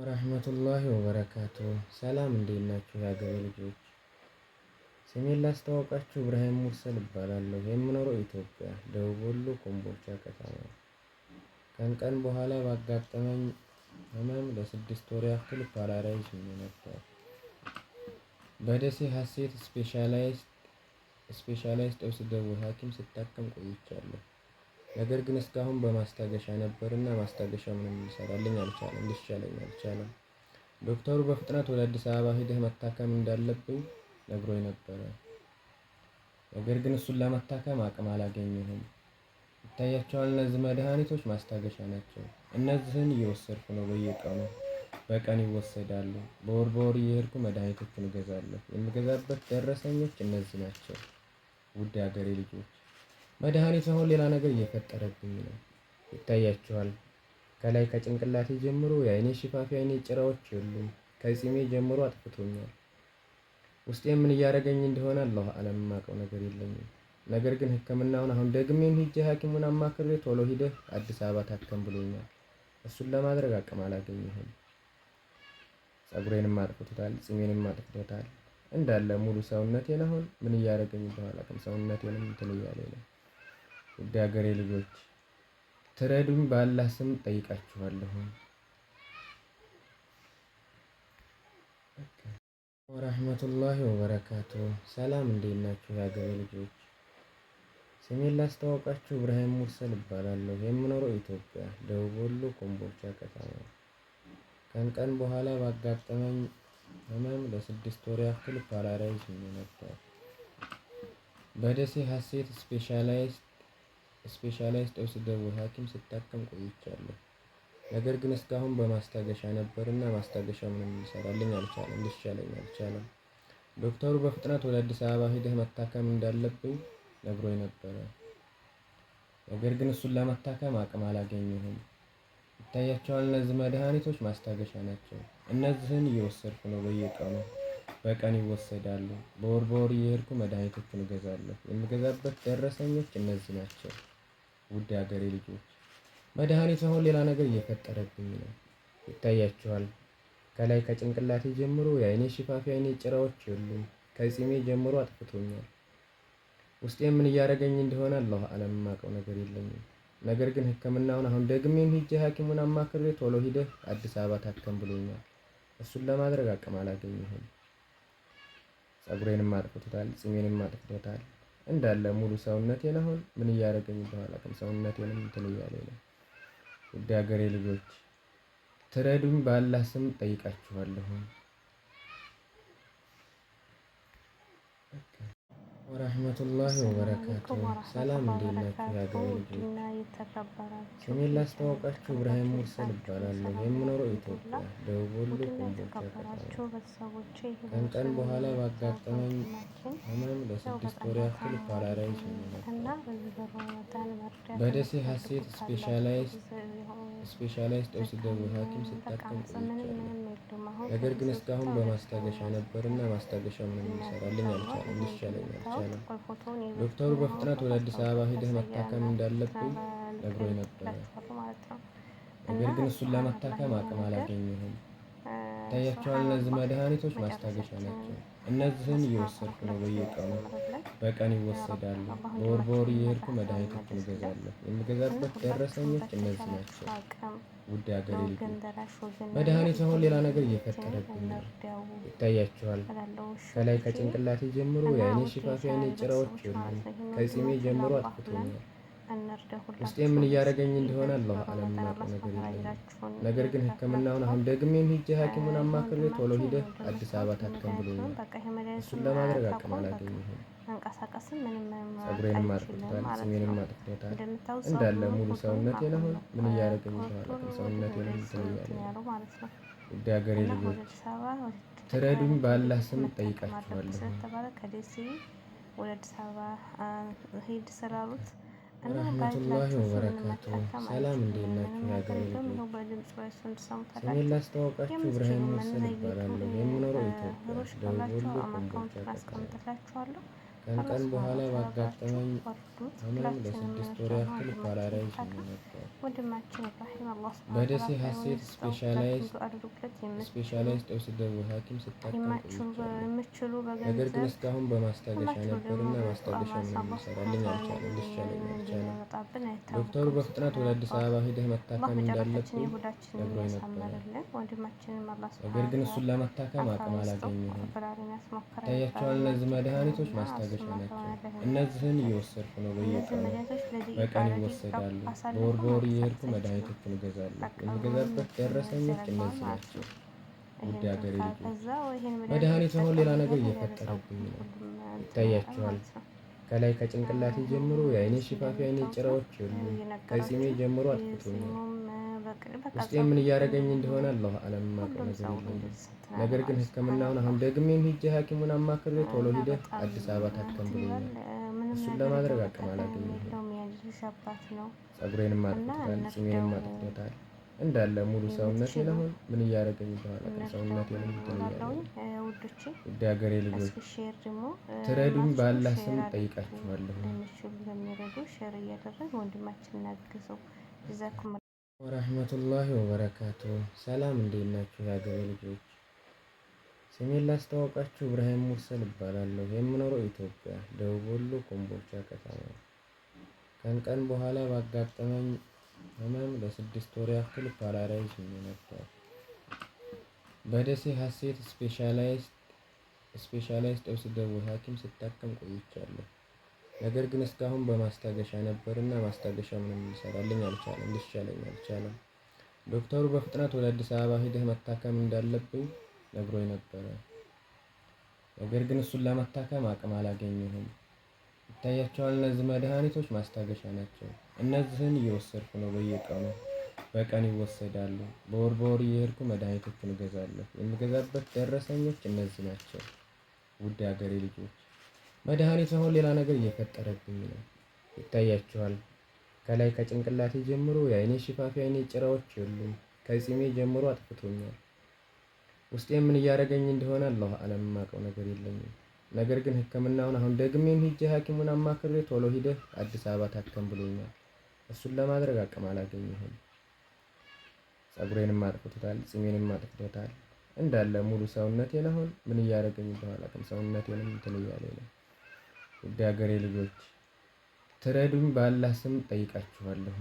ወራህመቱላሂ ወበረካቱ ሰላም እንዴት ናችሁ? የሀገሬ ልጆች ስሜን ላስተዋውቃችሁ እብራሂም ሙርሰል እባላለሁ። የምኖረው ኢትዮጵያ ደቡብ ወሎ ኮምቦልቻ ከተማ ከንቀን በኋላ ባጋጠመኝ ህመም ለስድስት ወር ያክል ፓራላይዝ ሆኜ ነበር። በደሴ ሀሴት ስፔሻላይዝድ ኦብስቴትሪክ ሐኪም ስታከም ቆይቻለሁ። ነገር ግን እስካሁን በማስታገሻ ነበርና ማስታገሻ ምንም ይሰራልኝ አልቻለም፣ ሊሻለኝ አልቻለም። ዶክተሩ በፍጥነት ወደ አዲስ አበባ ሂደህ መታከም እንዳለብኝ ነግሮኝ ነበረ። ነገር ግን እሱን ለመታከም አቅም አላገኘሁም። ይታያቸዋል፣ እነዚህ መድኃኒቶች ማስታገሻ ናቸው። እነዚህን እየወሰድኩ ነው። በየቀኑ በቀን ይወሰዳሉ። በወር በወር እየሄድኩ መድኃኒቶቹን እገዛለሁ። የምገዛበት ደረሰኞች እነዚህ ናቸው። ውድ ሀገሬ ልጆች መድኃኒት አሁን ሌላ ነገር እየፈጠረብኝ ነው። ይታያችኋል። ከላይ ከጭንቅላቴ ጀምሮ የአይኔ ሽፋፊ አይኔ ጭራዎች የሉም። ከጺሜ ጀምሮ አጥፍቶኛል። ውስጤ ምን እያደረገኝ እንደሆነ አላሁ አለም የማውቀው ነገር የለኝም። ነገር ግን ሕክምናውን አሁን ደግሜም ሂጄ ሐኪሙን አማክሬ ቶሎ ሂደህ አዲስ አበባ ታከም ብሎኛል። እሱን ለማድረግ አቅም አላገኘሁም። ጸጉሬንም አጥፍቶታል፣ ጺሜንም አጥፍቶታል። እንዳለ ሙሉ ሰውነቴን አሁን ምን እያደረገኝ እንደሆነ አላውቅም። ሰውነቴንም እንትን እያለኝ ነው ውድ ሀገሬ ልጆች ትረዱኝ በአላህ ስም ጠይቃችኋለሁ። ወራህመቱላሂ ወበረካቱ። ሰላም እንዴት ናችሁ የሀገሬ ልጆች? ስሜን ላስተዋውቃችሁ እብራሂም ሙርሰል እባላለሁ። የምኖረው ኢትዮጵያ ደቡብ ወሎ ኮምቦልቻ ከተማ። ከን ቀን በኋላ ባጋጠመኝ ህመም ለስድስት ወር ያክል ፓራላይዝ ሆኜ ነበር። በደሴ ሀሴት ስፔሻላይዝድ ስፔሻላይዝድ ወስደው ሀኪም ስታከም ቆይቻለሁ። ነገር ግን እስካሁን በማስታገሻ ነበርና ማስታገሻ ምንም ይሰራልኝ አልቻለም ሊሻለኝ አልቻለም። ዶክተሩ በፍጥነት ወደ አዲስ አበባ ሂደህ መታከም እንዳለብኝ ነግሮ ነበረ። ነገር ግን እሱን ለመታከም አቅም አላገኘሁም። ይታያቸዋል እነዚህ መድኃኒቶች ማስታገሻ ናቸው። እነዚህን እየወሰድኩ ነው በየቀኑ በቀን ይወሰዳሉ በወር በወር እየሄድኩ መድኃኒቶቹን እገዛለሁ። የምገዛበት ደረሰኞች እነዚህ ናቸው ውድ ሀገሬ ልጆች መድኃኒት አሁን ሌላ ነገር እየፈጠረብኝ ነው። ይታያችኋል። ከላይ ከጭንቅላቴ ጀምሮ የአይኔ ሽፋፊ አይኔ ጭራዎች የሉም። ከጺሜ ጀምሮ አጥፍቶኛል። ውስጤ ምን እያደረገኝ እንደሆነ አላሁ አለም የማውቀው ነገር የለኝም። ነገር ግን ሕክምናውን አሁን ደግሜም ሂጄ ሐኪሙን አማክሬ ቶሎ ሂደህ አዲስ አበባ ታከም ብሎኛል። እሱን ለማድረግ አቅም አላገኘሁም። ጸጉሬንም አጥፍቶታል፣ ጺሜንም አጥፍቶታል። እንዳለ ሙሉ ሰውነቴን አሁን ምን እያደረገኝ እንደሆነ አላውቅም። ሰውነቴንም እንትን እያለ ነው። ውድ ሀገሬ ልጆች ትረዱኝ በአላህ ስም ጠይቃችኋለሁ። ወረህመቱላሂ ወበረካቱ። ሰላም እንዴት ናችሁ? የሀገሬ ልጆች ስሜን ላስተዋውቃችሁ እብራሂም ሙርሰል እባላለሁ። የምኖረው ኢትዮጵያ ደቡብ ወሎ ኮምቦልቻ ከተማ። ከቀን በኋላ ባጋጠመኝ ህመም ለስድስት ወር ያክል ፓራላይዝ ሆኜ ነበር። በደሴ ሀሴት ስፔሻላይዝድ ስፔሻላይዝድ የስብ ደዌ ሐኪም ስታከም ነገር ግን እስካሁን በማስታገሻ ነበርና ማስታገሻ ምንም ሊሰራልኝ አልቻለም ሊሻለኝ አልቻለም። ዶክተሩ በፍጥነት ወደ አዲስ አበባ ሄደህ መታከም እንዳለብኝ ነግሮኝ ነበረ። ነገር ግን እሱን ለመታከም አቅም አላገኘሁም። ይታያችኋል፣ እነዚህ መድኃኒቶች ማስታገሻ ናቸው። እነዚህን እየወሰድኩ ነው በየቀኑ በቀን ይወሰዳሉ። በወር በወር እየሄድኩ መድኃኒቶችን እገዛለሁ። የሚገዛበት ደረሰኞች እነዚህ ናቸው። ውድ ሀገሬ ልጆች፣ መድኃኒት አሁን ሌላ ነገር እየፈጠረብኝ ነው። ይታያችኋል። ከላይ ከጭንቅላቴ ጀምሮ የአይኔ ሽፋፊ አይኔ ጭራዎች የሉም። ከጺሜ ጀምሮ አጥፍቶኛል። ውስጤ ምን እያደረገኝ እንደሆነ አላህ አለም ነገር የለም። ነገር ግን ሕክምናውን አሁን ደግሜም ሂጄ ሐኪሙን አማክሬ ቶሎ ሂደህ አዲስ አበባ ታከም ብሎኛል። እሱን ለማድረግ አቅም አላገኘሁም። መንቀሳቀስም ምንም ጸጉሬንም አጥፍቷል፣ ስሜንም አጥፍቶታል። እንዳለ ሙሉ ሰውነት የለሆን ምን እያደረገኝ ይሻላል ሰውነት የለም ትለኛለ ውድ ሀገሬ ልጆች ትረዱኝ በአላህ ስም ጠይቃችኋለሁ። ከደሴ ወደ አዲስ አበባ ሂድ ስላሉት ረህመቱላሂ ወበረካቱ። ሰላም እንዴት ናችሁ የሀገሬ ልጆች? ስሜን ላስተዋውቃችሁ ይባላለሁ። የምኖረው ኢትዮጵያ ደቡብ ወሎ ከቀን በኋላ ባጋጠመኝ ህመም ለስድስት ወር ያክል ፓራላይዝ ነበር። በደሴ ሀሴት ስፔሻላይዝድ የወሰደው ሐኪም ስታከም ቆይቻለሁ። ነገር ግን እስካሁን በማስታገሻ ነበርና ማስታገሻ ምንም ሊሰራልኝ አልቻለም፣ ሊሻለኝ አልቻለም። ዶክተሩ በፍጥነት ወደ አዲስ አበባ ሂደህ መታከም እንዳለብኝ ነግሮኝ ነበረ። ነገር ግን እሱን ለመታከም አቅም አላገኘሁም። ታያቸዋል እነዚህ መድኃኒቶች ማስታገሻ መጨረሻ ናቸው። እነዚህን እየወሰድኩ ነው። በየቀኑ በቀን ይወሰዳሉ። በወር በወር እየሄድኩ መድኃኒቶችን እገዛለሁ። የምገዛበት ደረሰኞች እነዚህ ናቸው። ውድ ሀገሬ ልጆች፣ መድኃኒት አሁን ሌላ ነገር እየፈጠረብኝ ነው። ይታያችኋል። ከላይ ከጭንቅላቴ ጀምሮ የአይኔ ሽፋፊ አይኔ ጭራዎች የሉም። ከጺሜ ጀምሮ አጥፍቶኛል። ውስጤ ምን እያደረገኝ እንደሆነ አላህ አለም ማቀው ነገር የለም። ነገር ግን ሕክምናውን አሁን ደግሜም ሂጄ ሐኪሙን አማክሬ ቶሎ ሂደህ አዲስ አበባ ታከም ብሎኛል። እሱን ለማድረግ አቅም አላገኘሁም። ጸጉሬንም አጥፍቶታል፣ ጺሜንም አጥፍቶታል። እንዳለ ሙሉ ሰውነቴን አሁን ምን እያደረገኝ እንደሆነ ሰውነቴን ምትለኛለኝ። ውድ ሀገሬ ልጆች ትረዱኝ በአላህ ስም እጠይቃችኋለሁ። ወረህመቱላሂ ወበረካቱ። ሰላም እንዴት ናችሁ የሀገሬ ልጆች? ስሜን ላስተዋውቃችሁ እብራሂም ሙርሰል እባላለሁ። የምኖረው ኢትዮጵያ ደቡብ ወሎ ኮምቦልቻ ከተማ። ከንቀን በኋላ ባጋጠመኝ ህመም ለስድስት ወር ያክል ፓራላይዝ ሆኜ ነበር። በደሴ ሀሴት ስፔሻላይዝድ ስፔሻላይዝድ ጥብስ ደዌ ሐኪም ስታከም ቆይቻለሁ። ነገር ግን እስካሁን በማስታገሻ ነበርና ማስታገሻ ምንም ይሰራልኝ አልቻለም፣ ሊሻለኝ አልቻለም። ዶክተሩ በፍጥነት ወደ አዲስ አበባ ሂደህ መታከም እንዳለብኝ ነግሮኝ ነበረ። ነገር ግን እሱን ለመታከም አቅም አላገኘሁም። ይታያቸዋል፣ እነዚህ መድኃኒቶች ማስታገሻ ናቸው። እነዚህን እየወሰድኩ ነው በየቀኑ በቀን ይወሰዳሉ በወር በወር እየሄድኩ መድኃኒቶችን እገዛለሁ የምገዛበት ደረሰኞች እነዚህ ናቸው። ውድ ሀገሬ ልጆች መድሃኒት አሁን ሌላ ነገር እየፈጠረብኝ ነው። ይታያችኋል ከላይ ከጭንቅላቴ ጀምሮ የአይኔ ሽፋፊ አይኔ ጭራዎች የሉም ከጺሜ ጀምሮ አጥፍቶኛል። ውስጤ ምን እያደረገኝ እንደሆነ አላሁ አለም የማውቀው ነገር የለኝም። ነገር ግን ህክምናውን አሁን ደግሜም ሂጄ ሀኪሙን አማክሬ ቶሎ ሂደህ አዲስ አበባ ታከም ብሎኛል። እሱን ለማድረግ አቅም አላገኘሁም። ጸጉሬንም አጥፍቶታል፣ ጺሜንም አጥፍቶታል። እንዳለ ሙሉ ሰውነቴን አሁን ምን እያደረገኝ እንደሆነ አቅም ሰውነቴንም እንትን እያለኝ ነው። ውድ ሀገሬ ልጆች ትረዱኝ በአላህ ስም ጠይቃችኋለሁ።